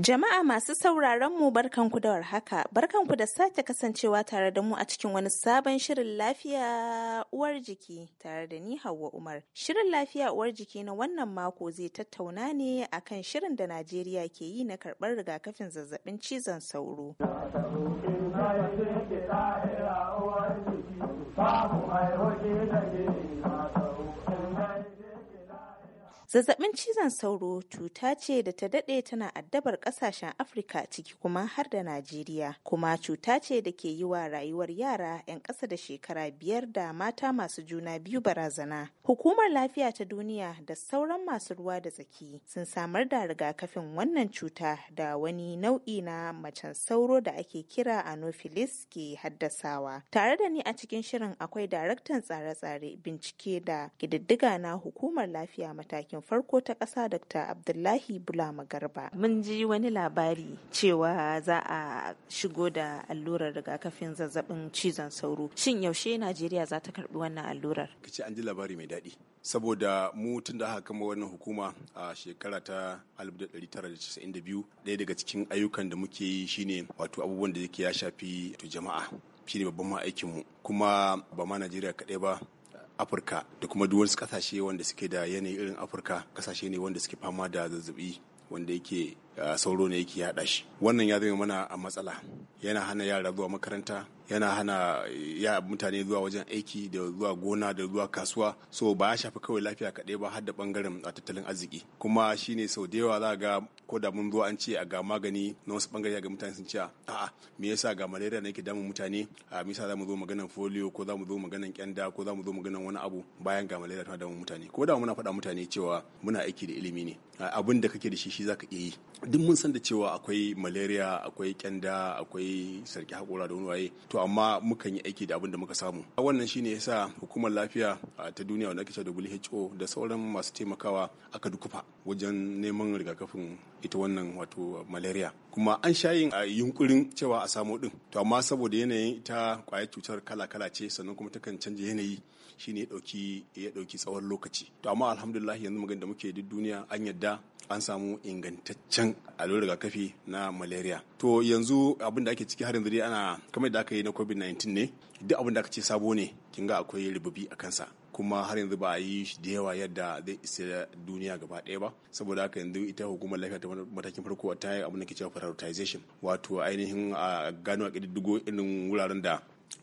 Jama'a masu sauraron mu barkanku da warhaka, barkanku da sake kasancewa tare da mu a cikin wani sabon shirin lafiya uwar jiki tare da ni Hauwa Umar. Shirin lafiya uwar jiki na wannan mako zai tattauna ne akan shirin da Najeriya ke yi na karɓar rigakafin zazzabin cizon sauro. Babu mai Zazzabin cizon sauro cuta ce da ta daɗe tana addabar ƙasashen Afirka ciki kuma har da Najeriya, kuma cuta ce da ke yi wa rayuwar yara 'yan ƙasa da shekara biyar da mata masu juna biyu barazana. Hukumar Lafiya ta Duniya da sauran masu ruwa da tsaki sun samar da rigakafin wannan cuta da wani nau'i na macen sauro da ake kira anopheles ke haddasawa. Tare da ni a cikin shirin akwai daraktan tsare-tsare bincike da ƙididdiga na hukumar lafiya matakin mataimakin farko ta ƙasa Dr. Abdullahi Bulama Garba. Mun ji wani labari cewa za a shigo da allurar rigakafin zazzabin cizon sauro. Shin yaushe Najeriya za ta karɓi wannan allurar? Kici an ji labari mai daɗi. Saboda mu tun da aka kama wannan hukuma a shekara ta 1992 ɗaya daga cikin ayyukan da muke yi shine wato abubuwan da ya shafi jama'a shine babban mu kuma ba ma Najeriya kaɗai ba afirka da kuma duk wasu kasashe wanda suke da yanayi irin afirka kasashe ne wanda suke fama da zazzabi wanda yake sauro ne yake yaɗa shi wannan ya zama mana a matsala yana hana yara zuwa makaranta yana hana eh, ya mutane zuwa wajen aiki da zuwa gona da zuwa kasuwa so ba ya shafi kawai lafiya kaɗai ba har da bangaren tattalin arziki kuma shine sau da yawa za ga ko da mun zo an ce a ga magani na wasu bangare ga mutane sun ce a'a me yasa ga malaria ne ke damun mutane a misa za mu zo maganan folio ko za mu zo maganan kyanda ko za mu zo maganan wani abu bayan ga malaria tana damun mutane ko da muna faɗa mutane cewa muna aiki da ilimi ne abin da kake da shi shi zaka iya yi duk mun san da cewa akwai malaria akwai kyanda akwai sarki hakora da wani waye to amma mukan yi aiki da abin da muka samu wannan shine yasa hukumar lafiya ta duniya wanda ake cewa WHO da sauran masu taimakawa aka dukufa wajen neman rigakafin ita wannan wato malaria kuma an sha yin yunkurin cewa a samo din to amma saboda yanayin ita kwayar cutar kala-kala ce sannan kuma takan canja yanayi shine ya dauki ya dauki tsawon lokaci to amma alhamdulillah yanzu magana da muke duk duniya an yadda an samu ingantaccen allurar rigakafi na malaria to yanzu abin da ake ciki har yanzu dai ana kamar da aka yi na covid-19 ne duk abin da aka ce sabo ne kin ga akwai rububi a kansa kuma har yanzu ba a yi shi da yawa yadda zai isa duniya gaba ɗaya ba saboda haka yanzu ita hukumar lafiya ta matakin farko ta yi abin da ke cewa prioritization wato ainihin a gano a ƙididdigo irin wuraren da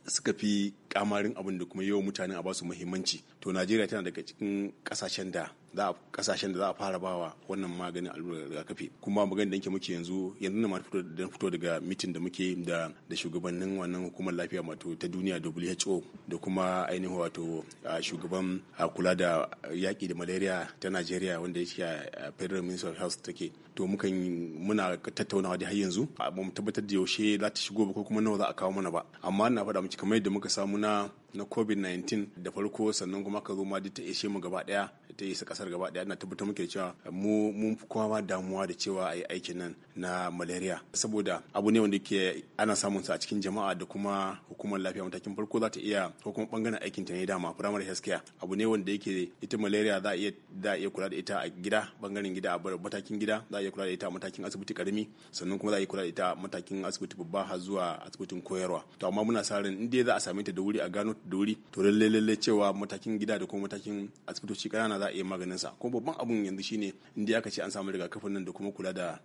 suka fi kamarin abin da kuma yawan mutane a basu muhimmanci to najeriya tana daga cikin kasashen da za kasashen da za a fara bawa wannan maganin allurar rigakafi kuma maganin da muke yanzu yanzu na fito da fito daga mitin da muke da da shugabannin wannan hukumar lafiya wato ta duniya WHO da kuma ainihin wato shugaban kula da yaki da malaria ta Najeriya wanda yake a Federal Ministry of Health take to mukan muna tattaunawa da har yanzu ba mu tabbatar da yaushe za ta shigo ba ko kuma nawa za a kawo mana ba amma na faɗa miki kamar yadda muka samu na na covid-19 da farko sannan kuma ka zo ma duk ta ishe mu gaba ɗaya. ta isa kasar gaba daya na tabbatar muke cewa mu mun fi kowa damuwa da cewa a yi aikin nan na malaria saboda abu ne wanda ke ana samun sa a cikin jama'a da kuma hukumar lafiya matakin farko za ta iya ko kuma bangaren aikin ta ne dama primary health abu ne wanda yake ita malaria za iya za iya kula da ita a gida bangaren gida a matakin gida za iya kula da ita a matakin asibiti karami sannan kuma za iya kula da ita a matakin asibiti babba har zuwa asibitin koyarwa to amma muna sa ran in za a same ta da wuri a gano ta da wuri to lalle lalle cewa matakin gida da kuma matakin asibitoci ƙanana za a iya maganin sa ko babban abun yanzu shine inda aka ce an samu rigakafin nan da kuma kula da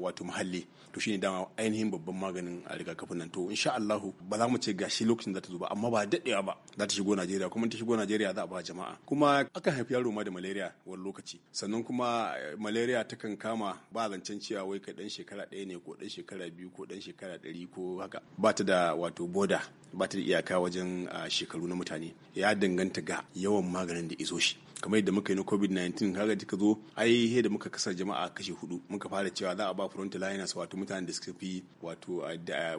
wato muhalli to shine dama ainihin babban maganin a rigakafin nan to insha allahu ba za mu ce gashi lokacin za ta zo ba amma ba daɗewa ba za ta shigo Najeriya kuma ta shigo Najeriya za a ba jama'a kuma aka haifi yaro ma da malaria wani lokaci sannan kuma eh, malaria kan kama ba zancen cewa wai ka dan shekara ɗaya ne ko dan shekara biyu ko dan shekara ɗari ko haka ba ta da wato boda ba ta da iyaka wajen ah, shekaru na mutane ya danganta ga yawan maganin da izo shi kamar yadda muka yi na covid-19 kaga ka zo ai he da muka kasa jama'a kashe hudu muka fara cewa za a ba liners wato mutanen da suka fi wato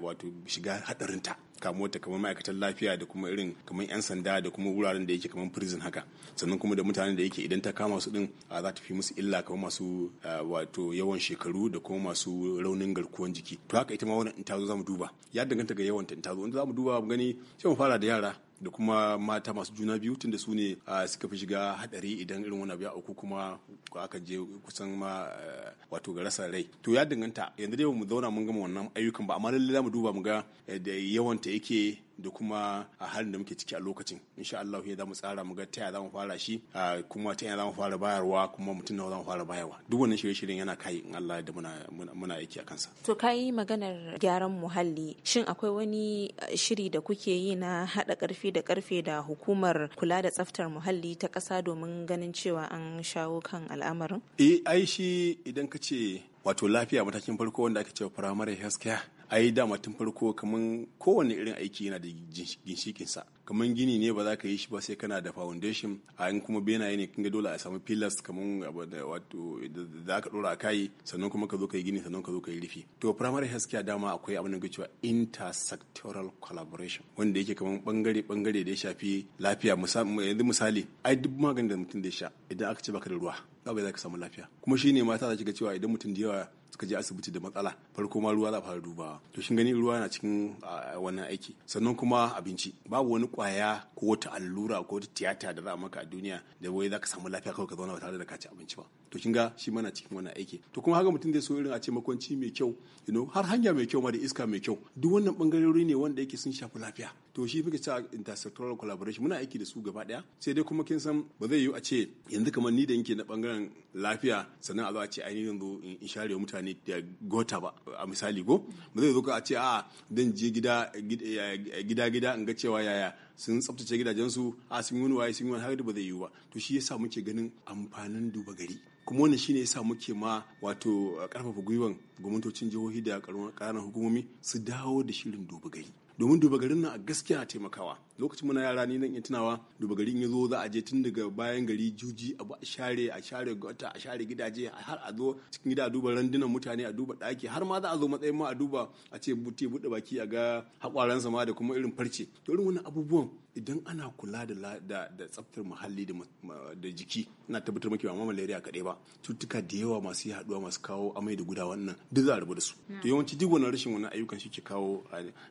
wato shiga hadarin ta kamuwar ta kamar ma'aikatan lafiya da kuma irin kamar yan sanda da kuma wuraren da yake kamar prison haka sannan kuma da mutanen da yake idan ta kama su din za ta fi musu illa kamar masu wato yawan shekaru da kuma masu raunin garkuwan jiki to haka ita ma wannan in ta zo za mu duba ya danganta ga yawan ta in ta zo in za mu duba mu gani sai mu fara da yara da kuma mata masu juna biyu tunda su ne ah, suka fi shiga hadari idan irin wani abu ya auku kuma aka je kusan ma eh, wato ga rasa rai to ya danganta yanzu dai mu zauna mun gama wannan ayyukan ba amma lallai mu duba mu ga da yawan ta yake da kuma a halin da muke ciki a lokacin insha Allah ya zamu tsara mu ga ta yaya zamu fara shi kuma ta yaya zamu fara bayarwa kuma mutum nawa zamu fara bayarwa duk wannan shirye-shiryen yana kai in Allah da muna muna aiki a kansa to kai maganar gyaran muhalli shin akwai wani shiri da kuke yi na hada karfi da karfe da hukumar kula da tsaftar muhalli ta kasa domin ganin cewa an shawo kan al'amarin eh ai shi idan ka ce wato lafiya matakin farko wanda ake cewa primary health care a yi dama tun farko kamar kowane irin aiki yana da ginshikinsa kamar gini ne ba za ka yi shi ba sai kana da foundation a yin kuma benaye ne kinga dole a samu pillars kamar wato da ka dora kai sannan kuma ka zo ka yi gini sannan ka zo ka yi rufi to primary health care dama akwai abin da ke cewa intersectoral collaboration wanda yake kamar bangare bangare da ya shafi lafiya yanzu misali ai duk maganin da mutum da ya sha idan aka ce baka da ruwa ba za ka samu lafiya kuma shine mata za ki ga cewa idan mutum da yawa suka je asibiti da matsala farko ma ruwa za a fara dubawa to shin gani ruwa yana cikin wannan aiki sannan kuma abinci babu wani kwaya ko wata allura ko wata tiyata da za a maka a duniya da wai za ka samu lafiya kawai ka zauna ba tare da ka ci abinci ba to kin ga shi mana cikin wannan aiki to kuma haka mutum zai so irin a ce makwanci mai kyau you know har hanya mai kyau ma da iska mai kyau duk wannan bangarori ne wanda yake sun shafi lafiya to shi muke cewa intersectoral collaboration muna aiki da su gaba daya sai dai kuma kin san ba zai yiwu a ce yanzu kamar ni da yake na bangaren lafiya sannan a zo a ce ainihin yanzu in share mutane da gota ba a misali go ba zai zo ka a ce a dan je gida gida gida in ga cewa yaya sun tsaftace gidajensu a sun wani waye sun wani har da ba zai yiwu ba to shi yasa muke ganin amfanin duba gari kuma wannan shine ya sa muke ma wato karfafa gwiwan gwamnatocin jihohi da ƙananan hukumomi su dawo da shirin duba gari domin duba garin nan a gaskiya na taimakawa lokacin muna yara ni nan in tunawa duba garin ya zo za a je tun daga bayan gari juji abu a share a share gota a share gidaje har a zo cikin gida a duba randunan mutane a duba ɗaki har ma za a zo matsayin ma a duba a ce buti buɗe baki a ga haƙwaran sama da kuma irin farce to irin wani abubuwan idan ana kula da da da tsaftar muhalli da jiki na tabbatar maki ba ma malaria kaɗai ba cututtuka da yawa masu haɗuwa masu kawo amai da guda wannan duk za a rabu da su to yawanci duk wannan rashin wannan ayyukan shi ke kawo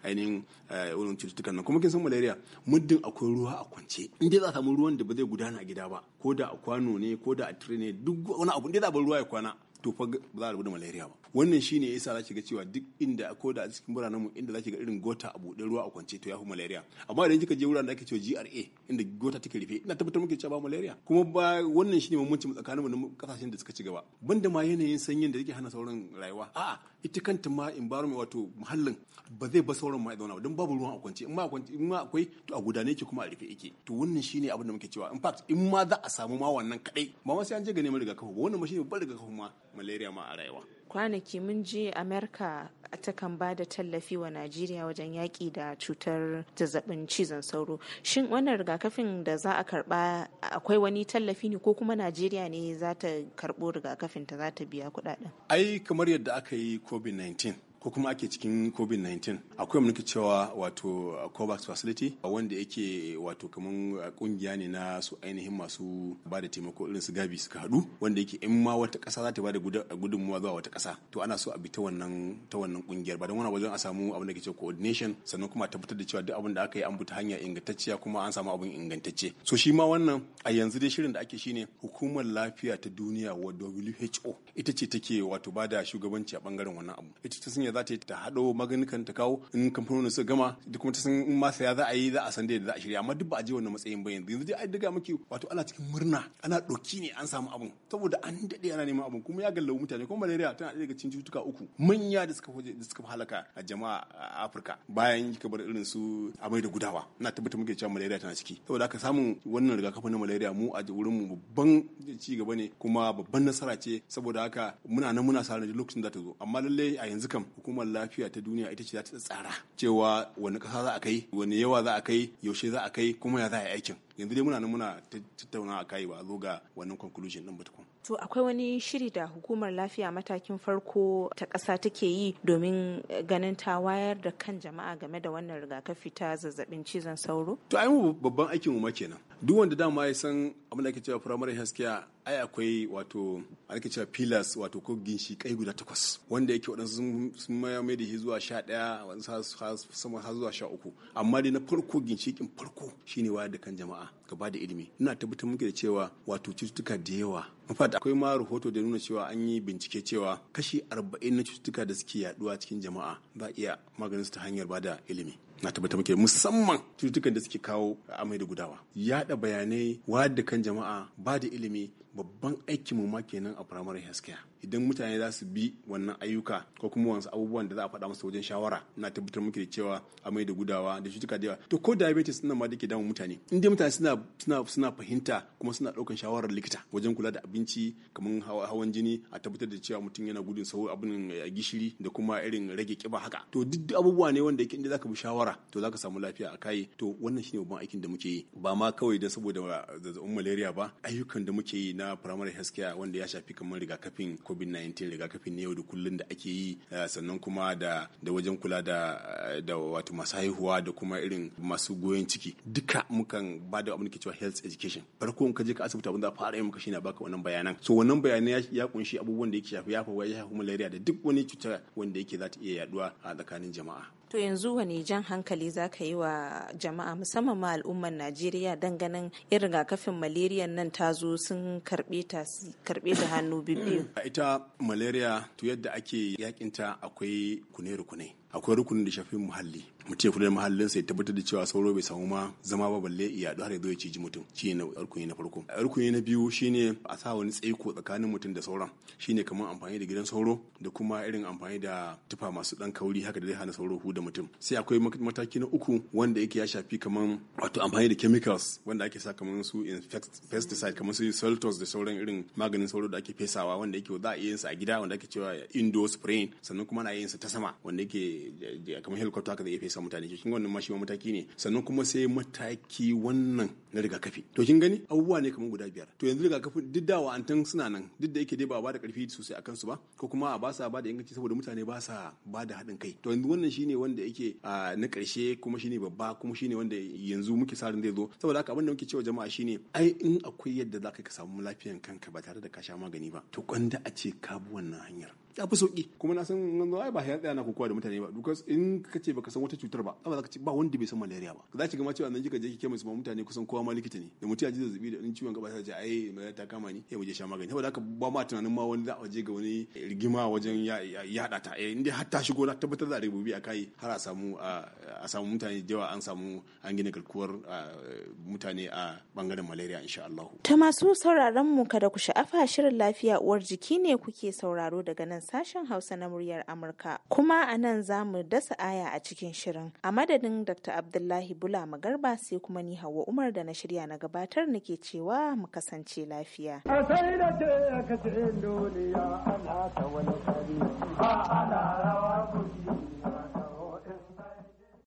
ainihin eh, wannan cututtukan nan kuma kin san malaria muddin akwai ruwa a kwance in dai za a samu ruwan da ba zai gudana a gida ba ko da a kwano ne ko da a tire ne duk wani abu in dai za ruwa ya kwana to fa ba za a rabu da malaria ba wannan shine yasa zaki ga cewa duk inda ko da a cikin biranen mu inda zaki ga irin gota a bude ruwa a kwance to ya fi malaria amma idan kika je wuraren da ake cewa GRA inda gota take rufe ina tabbatar muke cewa ba malaria kuma ba wannan shine mummuncin tsakanin mu kasashen da suka ci gaba banda ma yanayin sanyin da yake hana sauran rayuwa a'a ita kanta ma environment wato muhallin ba zai ba sauran ma ya zauna don babu ruwan a kwance in ma in ma akwai to a gudane yake kuma a rufe yake to wannan shine abin da muke cewa in fact in ma za a samu ma wannan kadai ba ma sai an je ga neman rigakafi ba wannan ma shine ba rigakafi ma malaria ma a rayuwa kwanaki mun je amerika takan ba da tallafi wa najeriya wajen yaƙi da cutar zazzabin cizon sauro shin wannan rigakafin da za a karba akwai wani tallafi ne ko kuma najeriya ne za ta karɓo rigakafin ta za ta biya kuɗaɗen ai kamar yadda aka yi covid-19 ko kuma ake cikin covid-19 akwai muke cewa wato uh, covax facility uh, wanda yake wato kamar uh, kungiya ne na su ainihin masu ba da taimako irin su gabi suka hadu wanda yake in ma wata ƙasa za ta ba da gudunmuwa zuwa wata kasa to ana so a bi ta wannan ta wannan kungiyar ba don wani wajen a samu abin da ke cewa coordination sannan kuma tabbatar da cewa duk abin da aka yi an bi ta hanya ingantacciya kuma an samu abin ingantacce so shi ma wannan a yanzu dai shirin da ake shine hukumar lafiya ta duniya wa WHO ita ce take wato ba da shugabanci a bangaren wannan abu ita ta sanya za ta yi ta haɗo maganukan ta kawo in kamfanonin su gama da kuma ta san in ma saya za a yi za a san da za a shirya amma duk ba a je wannan matsayin ba yanzu yanzu dai ai daga miki wato ana cikin murna ana ɗoki ne an samu abun saboda an daɗe ana neman abun kuma ya gallawo mutane kuma malaria tana ɗaya daga cikin cututtuka uku manya da suka da suka halaka a jama'a a Afirka bayan ka bar irin su amai da gudawa ina tabbata muke cewa malaria tana ciki saboda haka samun wannan rigakafin na malaria mu a wurin mu babban ci gaba ne kuma babban nasara ce saboda haka muna nan muna sa ran lokacin da ta zo amma lalle a yanzu kam hukumar lafiya ta duniya ita ce za ta tsara cewa wani ƙasa za a kai wani yawa za a kai yaushe za a kai kuma ya za a yi aikin yanzu dai muna nan muna tattauna a kai ba a zo ga wannan conclusion din ba tukun to akwai wani shiri da hukumar lafiya matakin farko ta ƙasa take yi domin ganin ta wayar da kan jama'a game da wannan rigakafi ta zazzabin cizon sauro to ai mu babban aikin mu kenan duk wanda dama ya san abin da ake cewa primary health care ai akwai wato ake cewa pillars wato ko ginshi kai guda takwas wanda yake wadansu sun maya mai da shi zuwa sha ɗaya wani sama har zuwa sha uku amma dai na farko ginshikin farko shine wayar da kan jama'a jama'a gaba da ilimi ina tabbatar muke da cewa wato cututtuka da yawa mafata akwai ma rahoto da nuna cewa an yi bincike cewa kashi arba'in na cututtuka da suke yaduwa cikin jama'a za iya maganin su ta hanyar bada ilimi na tabbatar muke musamman cututtukan da suke kawo amai da gudawa yada bayanai wayar da kan jama'a ba da ilimi babban aikin mu ma kenan a primary healthcare idan mutane za su bi wannan ayyuka ko kuma wasu abubuwan da za a faɗa musu wajen shawara na tabbatar muke da cewa amai da gudawa da cutuka da yawa to ko diabetes suna ma dake damun mutane in dai mutane suna suna fahimta kuma suna ɗaukan shawarar likita wajen kula da abinci kamar hawan jini a tabbatar da cewa mutum yana gudun sau abin eh, gishiri da kuma irin rage kiba haka to duk abubuwa ne wanda yake inda zaka bi shawara to zaka samu lafiya a kai to wannan shine babban aikin da muke yi ba ma kawai don saboda zazzabin eh, malaria ba ayyukan da muke yi na na primary haske wanda ya shafi kamar rigakafin covid-19 rigakafin na yau da kullun da ake yi eh, sannan kuma da da wajen kula da da wato masu haihuwa da kuma irin masu goyon ciki duka mukan ba da abin da ke cewa health education farko in ka je ka asibiti abin da fara yi maka shine baka wannan bayanan so wannan bayanan ya kunshi abubuwan da yake shafi ya shafi malaria da duk wani cuta wanda yake za ta iya yaduwa a tsakanin jama'a to yanzu wani jan hankali za ka yi wa jama'a musamman ma al'ummar najeriya ganin irin rigakafin malaria nan ta zo sun karbe ta da hannu biyu ita malaria to yadda ake yakinta akwai kune-rukune akwai rukunin da shafi muhalli mutum ya kula da muhallin sai tabbatar da cewa sauro bai samu ma zama ba balle iya har ya zo ya ciji mutum shi ne rukuni na farko rukuni na biyu shine a sa wani tsaiko tsakanin mutum da sauran shine kamar amfani da gidan sauro da kuma irin amfani da tufa masu dan kauri haka da zai hana sauro hu da mutum sai akwai mataki na uku wanda yake ya shafi kamar wato amfani da chemicals wanda ake sa kamar su pesticide kamar su saltos da sauran irin maganin sauro da ake fesawa wanda yake za a yin sa a gida wanda ake cewa indoor spraying sannan kuma na yin sa ta sama wanda yake kamar helicopter haka zai iya fesa mutane kin wannan ma shi ma mataki ne sannan kuma sai mataki wannan na rigakafi to kin gani abubuwa ne kamar guda biyar to yanzu rigakafi duk da wa'antan suna nan duk da yake dai ba ba da karfi sosai akan su ba ko kuma ba sa ba da inganci saboda mutane ba sa ba da haɗin kai to yanzu wannan shine wanda yake na ƙarshe kuma shine babba kuma shine wanda yanzu muke sa ran zai zo saboda haka abin da muke cewa jama'a shine ai in akwai yadda zaka ka samu lafiyan kanka ba tare da ka sha magani ba to kwanda a ce ka bi wannan hanyar ya fi sauki kuma na san ganzo ai ba ya tsaya na kokowa da mutane ba dukas in ce baka san wata cutar ba ba za ka ce ba wanda bai san malaria ba za ki gama a cewa nan kika je ki kemis ma mutane kusan kowa ma likita ne da mutum ya ji zazzabi da ciwon gaba sai ya a ai malaria ta kama ni ya muje sha magani saboda haka ba ma tunanin ma wani za a je ga wani rigima wajen yaɗa ta in eh, inda har ta shigo na tabbatar da rububi a kai har a samu a samu mutane da yawa an samu an gina garkuwar mutane a bangaren malaria insha Allah ta masu sauraron mu kada ku sha'afa shirin lafiya uwar jiki ne kuke sauraro daga nan sashen Hausa na muryar Amurka. Kuma a nan za mu dasa aya a cikin shirin. A madadin Dr. Abdullahi Bula Magarba sai kuma ni Hauwa Umar da na shirya na gabatar nake cewa mu kasance lafiya. A da ce ka duniya ana ta wani ba ana rawa kuji.